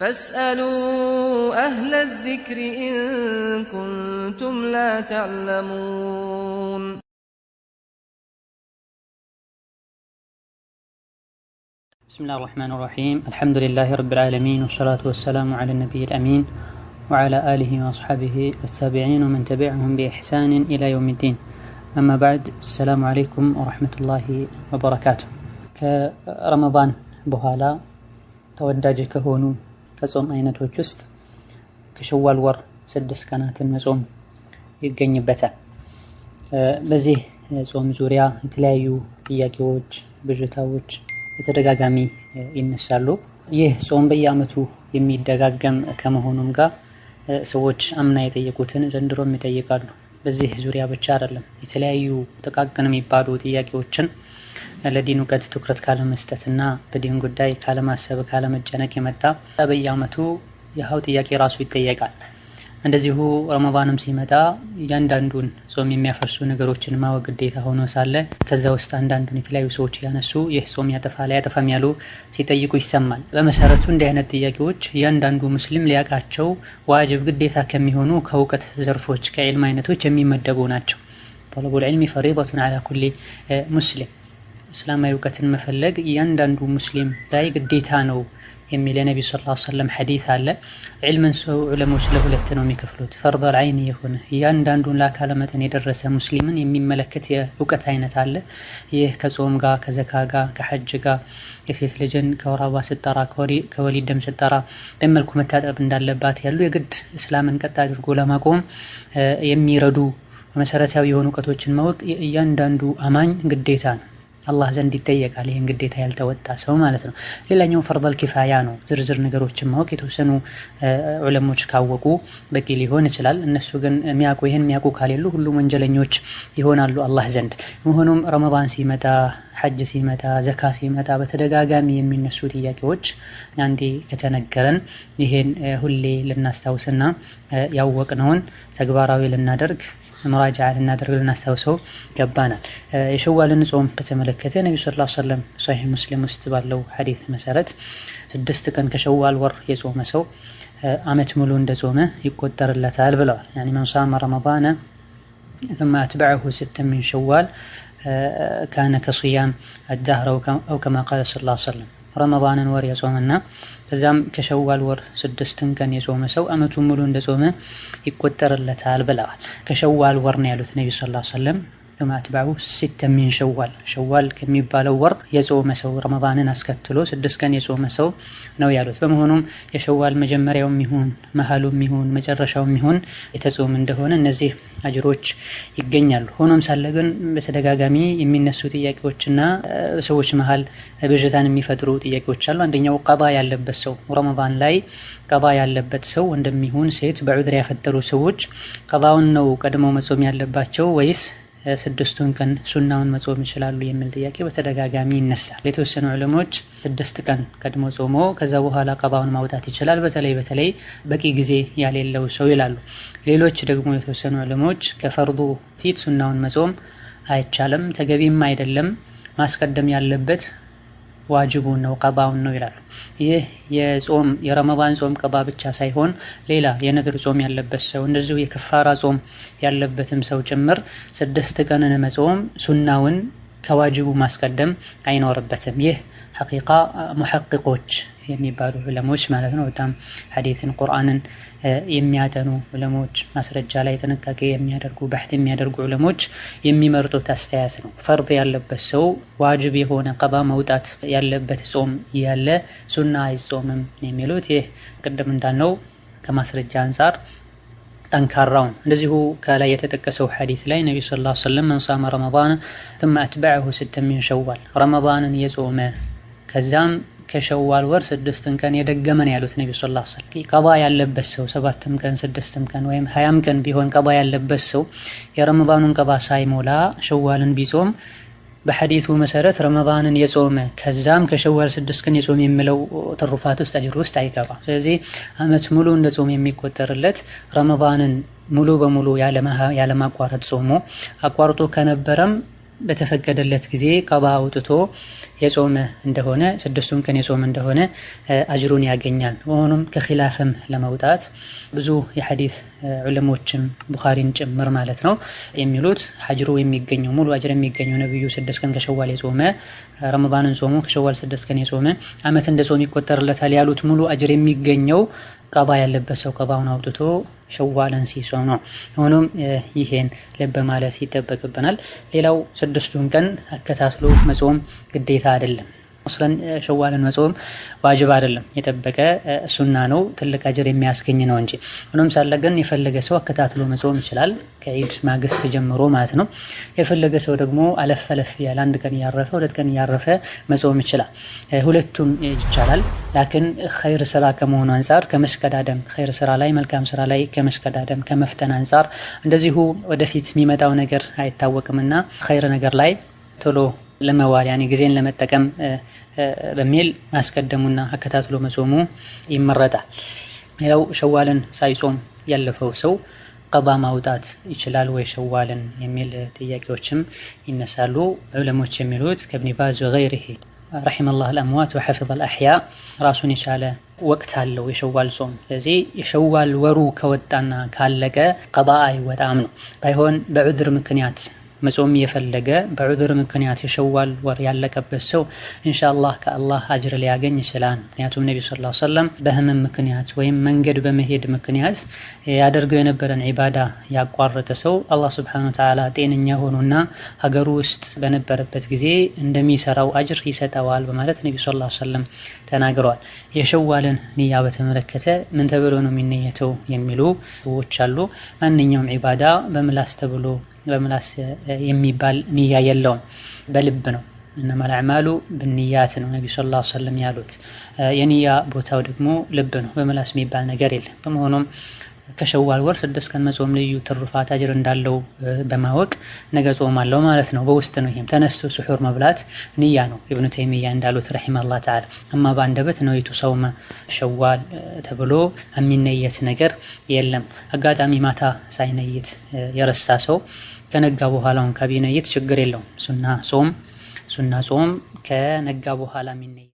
فاسألوا أهل الذكر إن كنتم لا تعلمون بسم الله الرحمن الرحيم الحمد لله رب العالمين والصلاة والسلام على النبي الأمين وعلى آله وأصحابه والتابعين ومن تبعهم بإحسان إلى يوم الدين أما بعد السلام عليكم ورحمة الله وبركاته كرمضان بهالا توداج هونو ከጾም አይነቶች ውስጥ ከሸዋል ወር ስድስት ቀናትን መጾም ይገኝበታል። በዚህ ጾም ዙሪያ የተለያዩ ጥያቄዎች፣ ብዥታዎች በተደጋጋሚ ይነሳሉ። ይህ ጾም በየዓመቱ የሚደጋገም ከመሆኑም ጋር ሰዎች አምና የጠየቁትን ዘንድሮም ይጠይቃሉ። በዚህ ዙሪያ ብቻ አይደለም የተለያዩ ጥቃቅን የሚባሉ ጥያቄዎችን ለዲን እውቀት ትኩረት ካለመስጠትና በዲን ጉዳይ ካለማሰብ ካለመጨነቅ የመጣ በየአመቱ የሀው ጥያቄ ራሱ ይጠየቃል። እንደዚሁ ረመባንም ሲመጣ እያንዳንዱን ጾም የሚያፈርሱ ነገሮችን ማወቅ ግዴታ ሆኖ ሳለ ከዛ ውስጥ አንዳንዱን የተለያዩ ሰዎች ያነሱ ይህ ጾም ያጠፋል አያጠፋም ያሉ ሲጠይቁ ይሰማል። በመሰረቱ እንዲህ አይነት ጥያቄዎች እያንዳንዱ ሙስሊም ሊያውቃቸው ዋጅብ ግዴታ ከሚሆኑ ከእውቀት ዘርፎች ከዕልም አይነቶች የሚመደቡ ናቸው። ጠለቡል ዒልሚ ፈሪደቱን ዐላ ኩሊ ሙስሊም እስላማዊ እውቀትን መፈለግ እያንዳንዱ ሙስሊም ላይ ግዴታ ነው የሚል የነቢ ስ ላ ሰለም ሐዲስ አለ። ዒልምን ሰው ዑለሞች ለሁለት ነው የሚከፍሉት። ፈርደል ዐይን የሆነ እያንዳንዱን ለአካለ መጠን የደረሰ ሙስሊምን የሚመለከት የእውቀት አይነት አለ። ይህ ከጾም ጋር፣ ከዘካ ጋር፣ ከሐጅ ጋር፣ የሴት ልጅን ከወር አበባ ስጠራ፣ ከወሊድ ደም ስጠራ በመልኩ መታጠብ እንዳለባት ያሉ የግድ እስላምን ቀጥ አድርጎ ለማቆም የሚረዱ መሰረታዊ የሆኑ እውቀቶችን ማወቅ እያንዳንዱ አማኝ ግዴታ ነው። አላህ ዘንድ ይጠየቃል። ይህን ግዴታ ያልተወጣ ሰው ማለት ነው። ሌላኛው ፈርደል ኪፋያ ነው። ዝርዝር ነገሮችን ማወቅ የተወሰኑ ዑለሞች ካወቁ በቂ ሊሆን ይችላል። እነሱ ግን የሚያውቁ ይህን የሚያውቁ ካሌሉ ሁሉም ወንጀለኞች ይሆናሉ አላህ ዘንድ። መሆኑም ረመዳን ሲመጣ ሐጅ ሲመጣ ዘካ ሲመጣ በተደጋጋሚ የሚነሱ ጥያቄዎች አንዴ ከተነገረን ይሄን ሁሌ ልናስታውስና ያወቅነውን ተግባራዊ ልናደርግ ምራጃ ልናደርግ ልናስታውሰው ገባናል። የሸዋልን ጾም በተመለከተ ነቢ ሰለላሁ ዐለይሂ ወሰለም ሶሒህ ሙስሊም ውስጥ ባለው ሐዲት መሰረት ስድስት ቀን ከሸዋል ወር የጾመ ሰው አመት ሙሉ እንደጾመ ይቆጠርለታል ብለዋል። መን ሷመ ረመዳነ ثم أتبعه ستا من شوال كان كصيام الدهر أو كما قال صلى الله عليه وسلم رمضان ور يصومنا فزام كشوال ور سدستن كان يصوم سو أمتو ملون دصومه يكوتر اللتال بلغ كشوال ور نيالوث النبي صلى الله عليه وسلم በማትባቡ ሲተ ሚን ሸዋል ሸዋል ከሚባለው ወር የጾመ ሰው ረመዳንን አስከትሎ ስድስት ቀን የጾመ ሰው ነው ያሉት። በመሆኑም የሸዋል መጀመሪያውም ይሁን መሀሉም ይሁን መጨረሻውም ይሁን የተጾም እንደሆነ እነዚህ አጅሮች ይገኛሉ። ሆኖም ሳለ ግን በተደጋጋሚ የሚነሱ ጥያቄዎችና ሰዎች መሀል ብዥታን የሚፈጥሩ ጥያቄዎች አሉ። አንደኛው ቀባ ያለበት ሰው ረመዳን ላይ ቀባ ያለበት ሰው ወንድም ይሁን ሴት በዑድር ያፈጠሩ ሰዎች ቀባውን ነው ቀድመው መጾም ያለባቸው ወይስ ስድስቱን ቀን ሱናውን መጾም ይችላሉ የሚል ጥያቄ በተደጋጋሚ ይነሳል። የተወሰኑ ዕለሞች ስድስት ቀን ቀድሞ ጾሞ ከዛ በኋላ ቀባውን ማውጣት ይችላል፣ በተለይ በተለይ በቂ ጊዜ ያሌለው ሰው ይላሉ። ሌሎች ደግሞ የተወሰኑ ዕለሞች ከፈርዱ ፊት ሱናውን መጾም አይቻልም፣ ተገቢም አይደለም። ማስቀደም ያለበት ዋጅቡን ነው ቀባውን ነው ይላሉ። ይህ የጾም የረመዳን ጾም ቀባ ብቻ ሳይሆን ሌላ የነድር ጾም ያለበት ሰው እንደዚሁ የክፋራ ጾም ያለበትም ሰው ጭምር ስድስት ቀንን መጾም ሱናውን ከዋጅቡ ማስቀደም አይኖርበትም። ይህ ሐቂቃ ሙሐቂቆች የሚባሉ ዑለሞች ማለት ነው። በጣም ሐዲትን ቁርአንን የሚያጠኑ ዑለሞች፣ ማስረጃ ላይ ጥንቃቄ የሚያደርጉ ባሕት የሚያደርጉ ዑለሞች የሚመርጡት አስተያየት ነው። ፈርድ ያለበት ሰው ዋጅብ የሆነ ቀባ መውጣት ያለበት ጾም እያለ ሱና አይጾምም የሚሉት ይህ ቅድም እንዳልነው ከማስረጃ አንጻር ጠንካራውን እንደዚሁ ከላይ የተጠቀሰው ሐዲት ላይ ነቢዩ ሰለላሁ ዐለይሂ ወሰለም መን ሷመ ረመዳን ثم أتبعه ستا من شوال የጾመ ከዛም ከሸዋል ወር ስድስትን ቀን የደገመን ያሉት ነቢ ሰለላሁ ዐለይሂ ቀባ ያለበት ሰው ሰባትም ቀን ስድስትም ቀን ወይም ሀያም ቀን ቢሆን ቀባ ያለበት ሰው የረመዳኑን ቀባ ሳይሞላ ሸዋልን ቢጾም በሐዲቱ መሰረት ረመዳንን የጾመ ከዛም ከሸዋል ስድስት ቀን የጾም የሚለው ትሩፋት ውስጥ አጅር ውስጥ አይገባም። ስለዚህ አመት ሙሉ እንደ ጾም የሚቆጠርለት ረመዳንን ሙሉ በሙሉ ያለማቋረጥ ጾሞ አቋርጦ ከነበረም በተፈቀደለት ጊዜ ቀባ አውጥቶ የጾመ እንደሆነ ስድስቱን ቀን የጾመ እንደሆነ አጅሩን ያገኛል። መሆኑም ከኪላፍም ለመውጣት ብዙ የሐዲስ ዑለሞችም ቡኻሪን ጭምር ማለት ነው የሚሉት አጅሩ የሚገኘው ሙሉ አጅር የሚገኘው ነቢዩ ስድስት ቀን ከሸዋል የጾመ ረመዳንን ጾሙ ከሸዋል ስድስት ቀን የጾመ አመት እንደ ጾም ይቆጠርለታል ያሉት ሙሉ አጅር የሚገኘው ቀባ ያለበት ሰው ቀባውን አውጥቶ ሸዋለን ሲጾም ነው። ሆኖም ይሄን ልብ ማለት ይጠበቅብናል። ሌላው ስድስቱን ቀን አከታትሎ መጾም ግዴታ አይደለም። ቁስለን ሸዋልን መጾም ዋጅብ አይደለም፣ የጠበቀ ሱና ነው፣ ትልቅ አጀር የሚያስገኝ ነው እንጂ። ሆኖም ሳለ ግን የፈለገ ሰው አከታትሎ መጾም ይችላል፣ ከኢድ ማግስት ጀምሮ ማለት ነው። የፈለገ ሰው ደግሞ አለፍ አለፍ ያለ አንድ ቀን እያረፈ ሁለት ቀን እያረፈ መጾም ይችላል። ሁለቱም ይቻላል። ላክን ኸይር ስራ ከመሆኑ አንጻር ከመሽቀዳደም ኸይር ስራ ላይ መልካም ስራ ላይ ከመሽቀዳደም ከመፍተን አንጻር እንደዚሁ ወደፊት የሚመጣው ነገር አይታወቅምና ኸይር ነገር ላይ ቶሎ ለመዋል ያኔ ጊዜን ለመጠቀም በሚል ማስቀደሙና አከታትሎ መጾሙ ይመረጣል። ሌላው ሸዋልን ሳይጾም ያለፈው ሰው ቀባ ማውጣት ይችላል ወይ ሸዋልን የሚል ጥያቄዎችም ይነሳሉ። ዑለሞች የሚሉት ከእብኒ ባዝ ወገይሪሂ ረሒመላህ አልአምዋት ወሐፊዘ አልአሕያ ራሱን የቻለ ወቅት አለው የሸዋል ጾም። ስለዚህ የሸዋል ወሩ ከወጣና ካለቀ ቀባ አይወጣም ነው። ባይሆን በዑድር ምክንያት መጾም የፈለገ በዑድር ምክንያት የሸዋል ወር ያለቀበት ሰው ኢንሻአላህ ከአላህ አጅር ሊያገኝ ይችላል። ምክንያቱም ነቢ ስ ላ ሰለም በህመም ምክንያት ወይም መንገድ በመሄድ ምክንያት ያደርገው የነበረን ዒባዳ ያቋረጠ ሰው አላህ ሱብሓነሁ ወተዓላ ጤነኛ ሆኖና ሀገሩ ውስጥ በነበረበት ጊዜ እንደሚሰራው አጅር ይሰጠዋል በማለት ነቢ ስ ላ ሰለም ተናግረዋል። የሸዋልን ንያ በተመለከተ ምን ተብሎ ነው የሚነየተው የሚሉ ሰዎች አሉ። ማንኛውም ዒባዳ በምላስ ተብሎ በምላስ የሚባል ንያ የለውም፣ በልብ ነው። እነማል አዕማሉ ብንያት ነው ነቢ ሰለላሁ ዐለይሂ ያሉት። የንያ ቦታው ደግሞ ልብ ነው። በምላስ የሚባል ነገር የለም። በመሆኑም ከሸዋል ወር ስድስት ቀን መጾም ልዩ ትሩፋት አጅር እንዳለው በማወቅ ነገ ጾም አለው ማለት ነው። በውስጥ ነው። ይሄም ተነስቶ ስሑር መብላት ንያ ነው። ኢብኑ ተይሚያ እንዳሉት ረሒመሁላህ ተዓላ። እማ በአንደበት ነወይቱ ሰውመ ሸዋል ተብሎ የሚነየት ነገር የለም። አጋጣሚ ማታ ሳይነይት የረሳ ሰው ከነጋ በኋላውን ካቢነ የት ችግር የለውም። ሱና ጾም ሱና ጾም ከነጋ በኋላ ሚነ